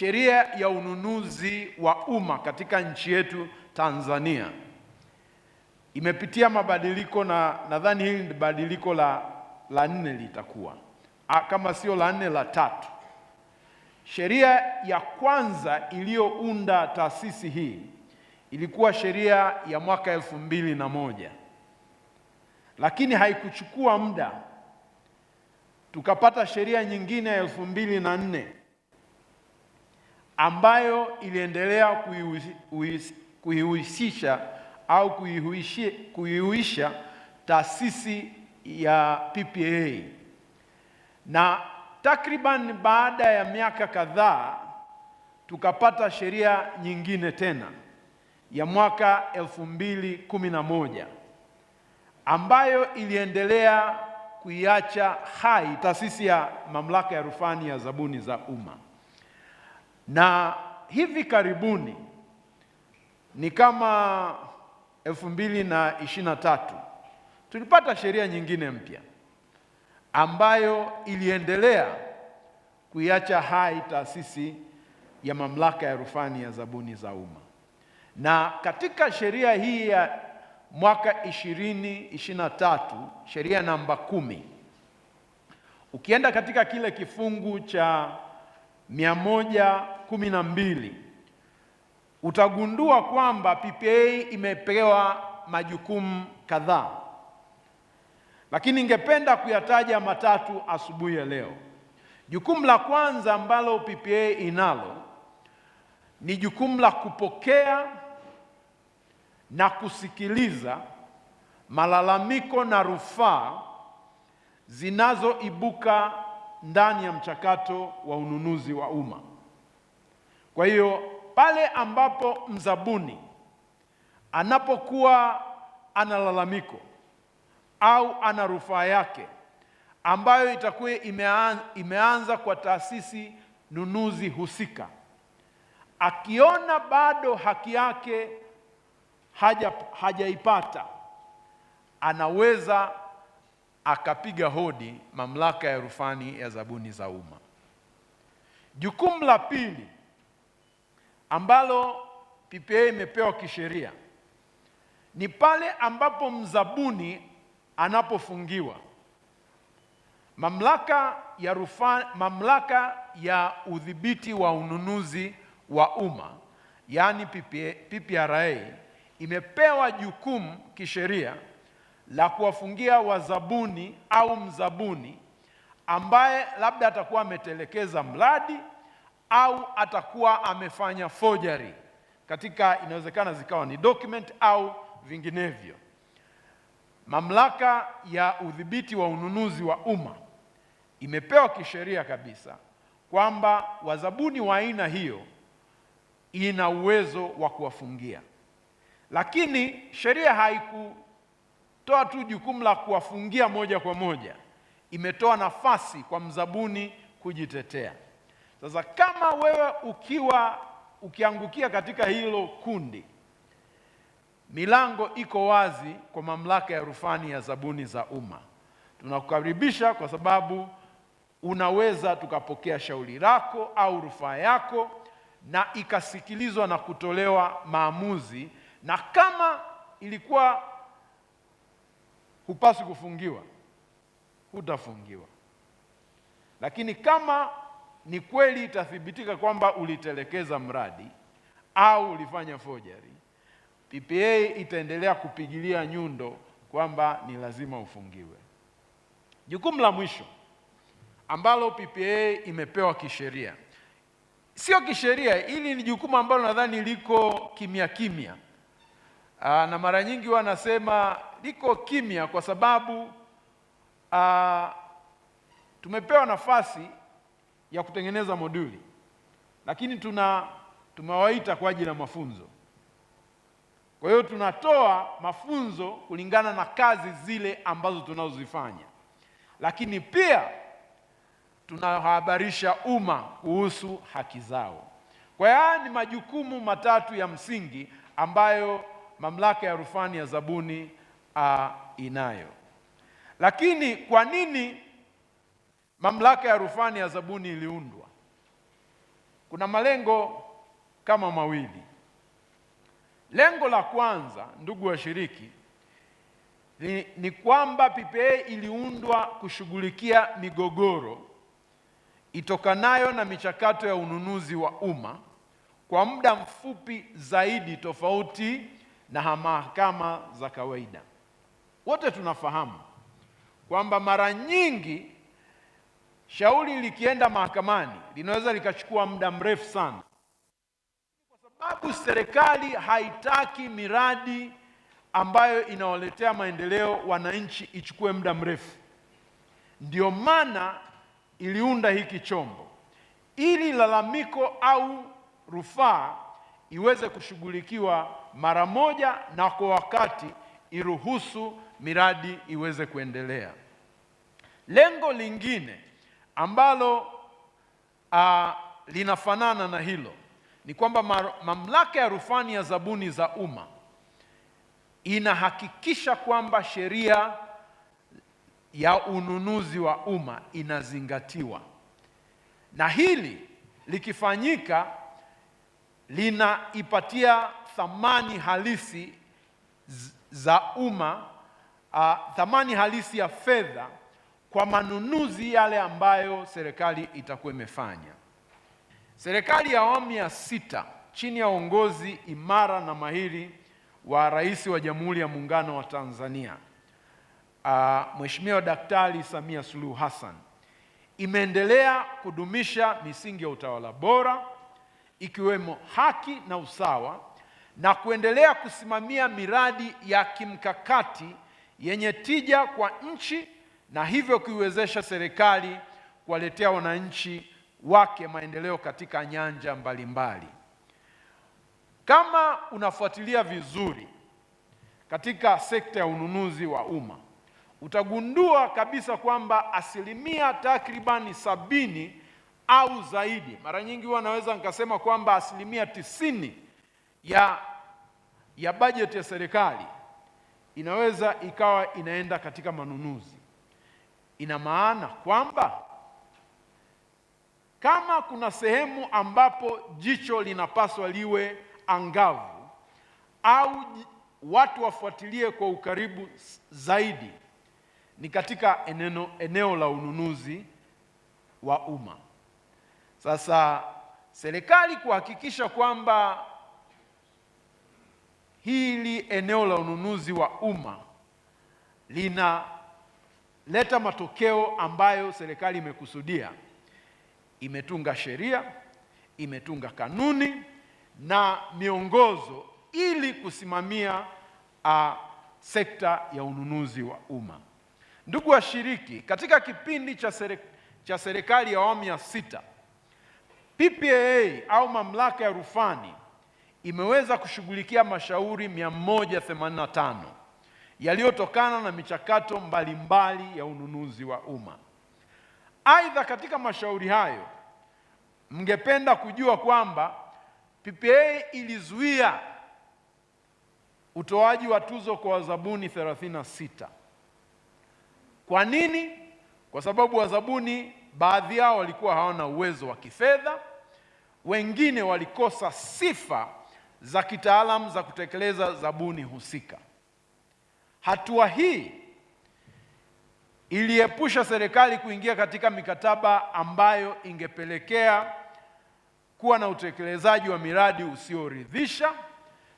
sheria ya ununuzi wa umma katika nchi yetu Tanzania imepitia mabadiliko na nadhani hili ni badiliko la, la nne litakuwa A, kama sio la nne la tatu. Sheria ya kwanza iliyounda taasisi hii ilikuwa sheria ya mwaka elfu mbili na moja lakini haikuchukua muda tukapata sheria nyingine ya elfu mbili na nne ambayo iliendelea kuihusisha au kuihuisha taasisi ya ppa na takriban baada ya miaka kadhaa tukapata sheria nyingine tena ya mwaka 2011 ambayo iliendelea kuiacha hai taasisi ya mamlaka ya rufani ya zabuni za umma na hivi karibuni ni kama elfu mbili na ishirini na tatu tulipata sheria nyingine mpya ambayo iliendelea kuiacha hai taasisi ya mamlaka ya rufani ya zabuni za umma, na katika sheria hii ya mwaka ishirini ishirini na tatu sheria namba kumi ukienda katika kile kifungu cha 112 utagundua kwamba ppa imepewa majukumu kadhaa, lakini ningependa kuyataja matatu asubuhi ya leo. Jukumu la kwanza ambalo ppa inalo ni jukumu la kupokea na kusikiliza malalamiko na rufaa zinazoibuka ndani ya mchakato wa ununuzi wa umma. Kwa hiyo pale ambapo mzabuni anapokuwa ana lalamiko au ana rufaa yake ambayo itakuwa imeanza kwa taasisi nunuzi husika, akiona bado haki yake haja, hajaipata anaweza akapiga hodi mamlaka ya rufani ya zabuni za umma. Jukumu la pili ambalo ppa imepewa kisheria ni pale ambapo mzabuni anapofungiwa, mamlaka ya rufani, mamlaka ya udhibiti wa ununuzi wa umma yaani PPRA imepewa jukumu kisheria la kuwafungia wazabuni au mzabuni ambaye labda atakuwa ametelekeza mradi au atakuwa amefanya forgery katika, inawezekana zikawa ni document au vinginevyo. Mamlaka ya udhibiti wa ununuzi wa umma imepewa kisheria kabisa kwamba wazabuni wa aina hiyo ina uwezo wa kuwafungia, lakini sheria haiku toa tu jukumu la kuwafungia moja kwa moja, imetoa nafasi kwa mzabuni kujitetea. Sasa kama wewe ukiwa ukiangukia katika hilo kundi, milango iko wazi kwa mamlaka ya rufani ya zabuni za umma. Tunakukaribisha kwa sababu unaweza tukapokea shauri lako au rufaa yako na ikasikilizwa na kutolewa maamuzi, na kama ilikuwa hupaswi kufungiwa, hutafungiwa. Lakini kama ni kweli itathibitika kwamba ulitelekeza mradi au ulifanya forgery, ppa itaendelea kupigilia nyundo kwamba ni lazima ufungiwe. Jukumu la mwisho ambalo ppa imepewa kisheria, sio kisheria, ili ni jukumu ambalo nadhani liko kimya kimya Aa, ah, na mara nyingi wanasema liko kimya kwa sababu aa, ah, tumepewa nafasi ya kutengeneza moduli lakini tuna tumewaita kwa ajili ya mafunzo. Kwa hiyo tunatoa mafunzo kulingana na kazi zile ambazo tunazozifanya, lakini pia tunahabarisha umma kuhusu haki zao. Kwa hiyo ni majukumu matatu ya msingi ambayo mamlaka ya rufani ya zabuni a, inayo. Lakini kwa nini mamlaka ya rufani ya zabuni iliundwa? Kuna malengo kama mawili. Lengo la kwanza, ndugu washiriki, ni, ni kwamba PPAA iliundwa kushughulikia migogoro itokanayo na michakato ya ununuzi wa umma kwa muda mfupi zaidi tofauti na mahakama za kawaida. Wote tunafahamu kwamba mara nyingi shauri likienda mahakamani linaweza likachukua muda mrefu sana, kwa sababu serikali haitaki miradi ambayo inawaletea maendeleo wananchi ichukue muda mrefu. Ndio maana iliunda hiki chombo ili lalamiko au rufaa iweze kushughulikiwa mara moja na kwa wakati, iruhusu miradi iweze kuendelea. Lengo lingine ambalo a, linafanana na hilo ni kwamba mamlaka ya rufani ya zabuni za umma inahakikisha kwamba sheria ya ununuzi wa umma inazingatiwa, na hili likifanyika linaipatia thamani halisi za umma uh, thamani halisi ya fedha kwa manunuzi yale ambayo serikali itakuwa imefanya. Serikali ya awamu ya sita chini ya uongozi imara na mahiri wa Rais wa Jamhuri ya Muungano wa Tanzania uh, Mheshimiwa Daktari Samia Suluhu Hassan imeendelea kudumisha misingi ya utawala bora ikiwemo haki na usawa na kuendelea kusimamia miradi ya kimkakati yenye tija kwa nchi na hivyo kuiwezesha serikali kuwaletea wananchi wake maendeleo katika nyanja mbalimbali. Kama unafuatilia vizuri katika sekta ya ununuzi wa umma utagundua kabisa kwamba asilimia takribani sabini au zaidi. Mara nyingi huwa naweza nikasema kwamba asilimia tisini ya, ya bajeti ya serikali inaweza ikawa inaenda katika manunuzi. Ina maana kwamba kama kuna sehemu ambapo jicho linapaswa liwe angavu au watu wafuatilie kwa ukaribu zaidi, ni katika eneno, eneo la ununuzi wa umma. Sasa serikali kuhakikisha kwamba hili eneo la ununuzi wa umma linaleta matokeo ambayo serikali imekusudia, imetunga sheria, imetunga kanuni na miongozo ili kusimamia a, sekta ya ununuzi wa umma. Ndugu washiriki, katika kipindi cha serikali ya awamu ya sita PPAA au mamlaka ya rufani imeweza kushughulikia mashauri 185 yaliyotokana na michakato mbalimbali mbali ya ununuzi wa umma. Aidha, katika mashauri hayo mngependa kujua kwamba PPAA ilizuia utoaji wa tuzo kwa wazabuni 36. Kwa nini? Kwa sababu wazabuni baadhi yao walikuwa hawana uwezo wa kifedha wengine walikosa sifa za kitaalamu za kutekeleza zabuni husika. Hatua hii iliepusha serikali kuingia katika mikataba ambayo ingepelekea kuwa na utekelezaji wa miradi usioridhisha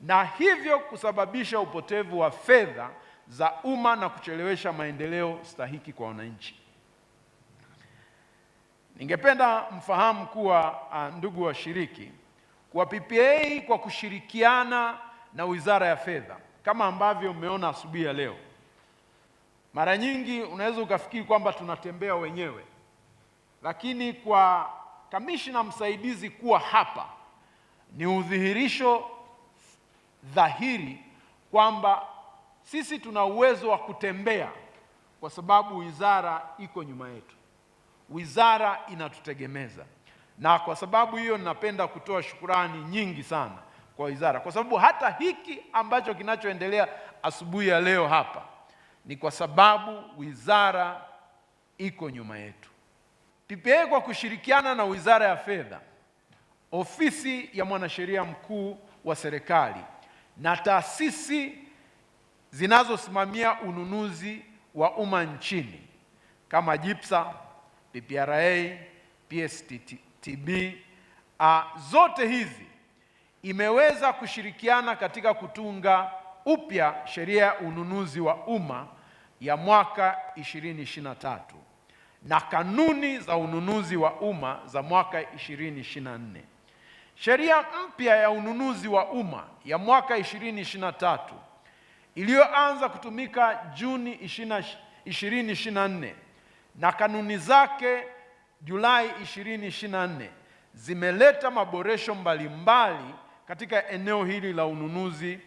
na hivyo kusababisha upotevu wa fedha za umma na kuchelewesha maendeleo stahiki kwa wananchi. Ningependa mfahamu kuwa ah, ndugu washiriki, kuwa ppa kwa kushirikiana na Wizara ya Fedha kama ambavyo mmeona asubuhi ya leo. Mara nyingi unaweza ukafikiri kwamba tunatembea wenyewe, lakini kwa kamishna msaidizi kuwa hapa ni udhihirisho dhahiri kwamba sisi tuna uwezo wa kutembea kwa sababu wizara iko nyuma yetu wizara inatutegemeza, na kwa sababu hiyo ninapenda kutoa shukurani nyingi sana kwa wizara, kwa sababu hata hiki ambacho kinachoendelea asubuhi ya leo hapa ni kwa sababu wizara iko nyuma yetu. PPAA kwa kushirikiana na Wizara ya Fedha, Ofisi ya Mwanasheria Mkuu wa Serikali na taasisi zinazosimamia ununuzi wa umma nchini kama JIPSA PPRA, PSTB a ah, zote hizi imeweza kushirikiana katika kutunga upya sheria ya ununuzi wa umma ya mwaka 2023 na kanuni za ununuzi wa umma za mwaka 2024. Sheria mpya ya ununuzi wa umma ya mwaka 2023 iliyoanza kutumika Juni 2024 na kanuni zake Julai 2024 zimeleta maboresho mbalimbali mbali katika eneo hili la ununuzi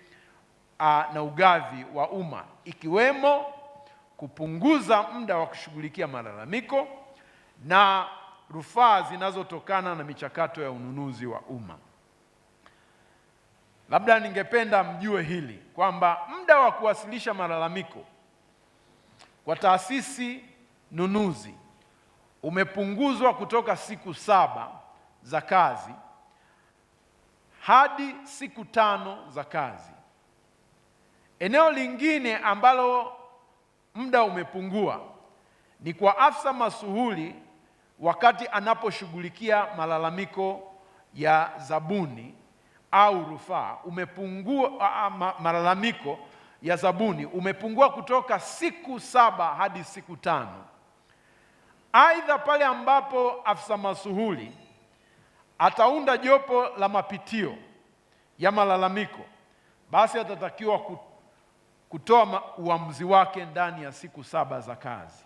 na ugavi wa umma ikiwemo kupunguza muda wa kushughulikia malalamiko na rufaa zinazotokana na michakato ya ununuzi wa umma. Labda ningependa mjue hili kwamba muda wa kuwasilisha malalamiko kwa taasisi nunuzi umepunguzwa kutoka siku saba za kazi hadi siku tano za kazi. Eneo lingine ambalo muda umepungua ni kwa afisa masuhuli wakati anaposhughulikia malalamiko ya zabuni au rufaa umepungua, malalamiko ya zabuni umepungua kutoka siku saba hadi siku tano. Aidha, pale ambapo afisa masuhuli ataunda jopo la mapitio ya malalamiko, basi atatakiwa kutoa uamuzi wake ndani ya siku saba za kazi.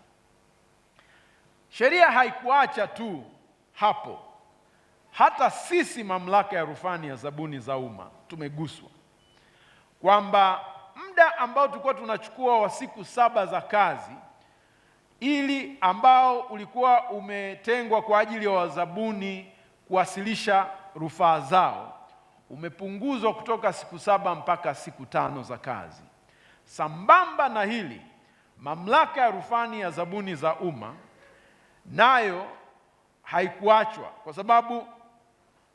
Sheria haikuacha tu hapo, hata sisi mamlaka ya rufani ya zabuni za umma tumeguswa kwamba muda ambao tulikuwa tunachukua wa siku saba za kazi ili ambao ulikuwa umetengwa kwa ajili ya wa wazabuni kuwasilisha rufaa zao umepunguzwa kutoka siku saba mpaka siku tano za kazi. Sambamba na hili, mamlaka ya rufani ya zabuni za umma nayo haikuachwa, kwa sababu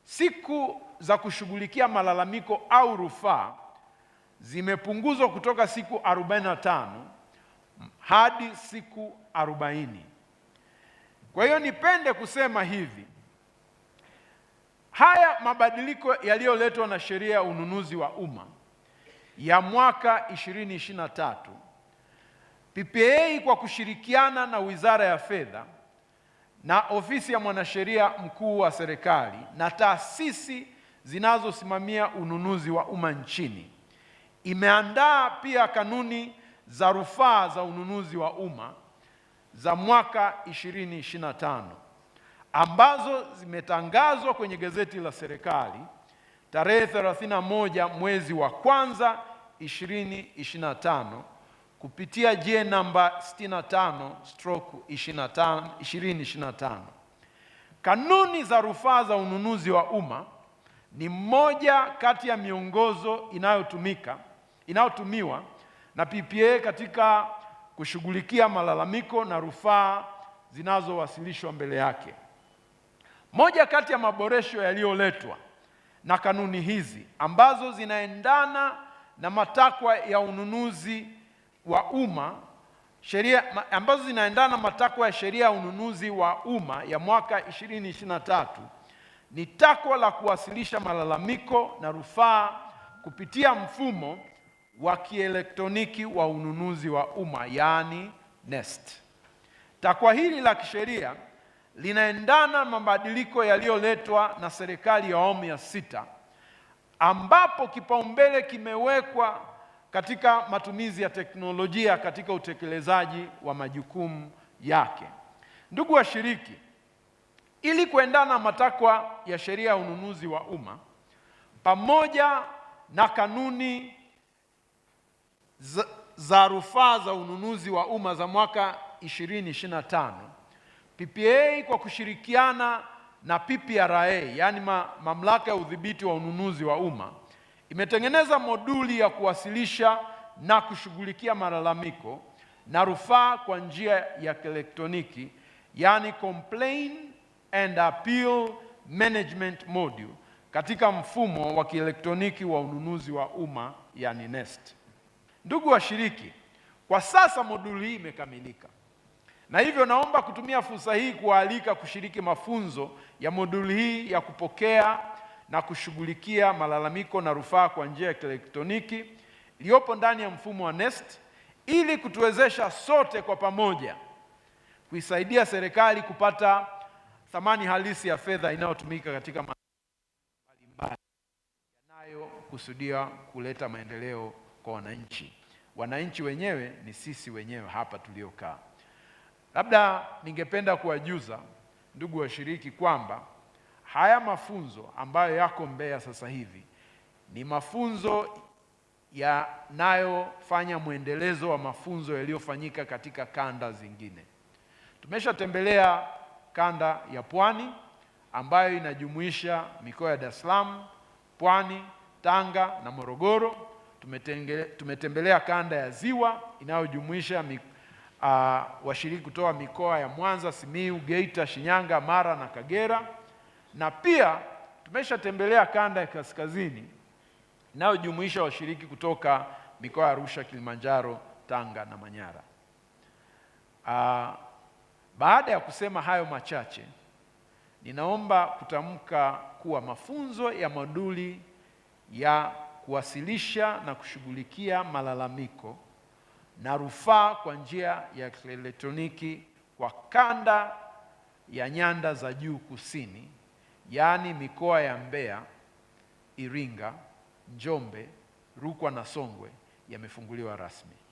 siku za kushughulikia malalamiko au rufaa zimepunguzwa kutoka siku 45 hadi siku arobaini. Kwa hiyo nipende kusema hivi, haya mabadiliko yaliyoletwa na sheria ya ununuzi wa umma ya mwaka 2023 ppa kwa kushirikiana na Wizara ya Fedha na Ofisi ya Mwanasheria Mkuu wa Serikali na taasisi zinazosimamia ununuzi wa umma nchini imeandaa pia kanuni za rufaa za ununuzi wa umma za mwaka 2025 ambazo zimetangazwa kwenye gazeti la serikali tarehe 31 mwezi wa kwanza 2025 kupitia J namba 65 stroke 2025. Kanuni za rufaa za ununuzi wa umma ni mmoja kati ya miongozo inayotumika inayotumiwa na PPA katika kushughulikia malalamiko na rufaa zinazowasilishwa mbele yake. Moja kati ya maboresho yaliyoletwa na kanuni hizi ambazo zinaendana na matakwa ya ununuzi wa umma sheria ambazo zinaendana na matakwa ya sheria ya ununuzi wa umma ya mwaka 2023 ni takwa la kuwasilisha malalamiko na rufaa kupitia mfumo wa kielektroniki wa ununuzi wa umma yaani NeST. Takwa hili la kisheria linaendana na mabadiliko yaliyoletwa na serikali ya awamu ya sita ambapo kipaumbele kimewekwa katika matumizi ya teknolojia katika utekelezaji wa majukumu yake. Ndugu washiriki, ili kuendana na matakwa ya sheria ya ununuzi wa umma pamoja na kanuni za, rufaa za ununuzi wa umma za mwaka 2025 ppa kwa kushirikiana na PPRA yaani ma, mamlaka ya udhibiti wa ununuzi wa umma imetengeneza moduli ya kuwasilisha na kushughulikia malalamiko na rufaa kwa njia ya kielektroniki yaani complain and appeal management module katika mfumo wa kielektroniki wa ununuzi wa umma yani NeST. Ndugu washiriki, kwa sasa moduli hii imekamilika, na hivyo naomba kutumia fursa hii kuwaalika kushiriki mafunzo ya moduli hii ya kupokea na kushughulikia malalamiko na rufaa kwa njia ya kielektroniki iliyopo ndani ya mfumo wa NeST ili kutuwezesha sote kwa pamoja kuisaidia serikali kupata thamani halisi ya fedha inayotumika katika mbalimbali yanayokusudia kuleta maendeleo kwa wananchi. Wananchi wenyewe ni sisi wenyewe hapa tuliokaa. Labda ningependa kuwajuza ndugu washiriki kwamba haya mafunzo ambayo yako Mbeya sasa hivi ni mafunzo yanayofanya mwendelezo wa mafunzo yaliyofanyika katika kanda zingine. Tumeshatembelea kanda ya Pwani ambayo inajumuisha mikoa ya Dar es Salaam, Pwani, Tanga na Morogoro tumetembelea kanda ya Ziwa inayojumuisha uh, washiriki kutoka mikoa ya Mwanza, Simiu, Geita, Shinyanga, Mara na Kagera, na pia tumeshatembelea kanda ya Kaskazini inayojumuisha washiriki kutoka mikoa ya Arusha, Kilimanjaro, Tanga na Manyara. Uh, baada ya kusema hayo machache, ninaomba kutamka kuwa mafunzo ya moduli ya kuwasilisha na kushughulikia malalamiko na rufaa kwa njia ya kielektroniki kwa kanda ya nyanda za juu kusini, yaani mikoa ya Mbeya, Iringa, Njombe, Rukwa na Songwe yamefunguliwa rasmi.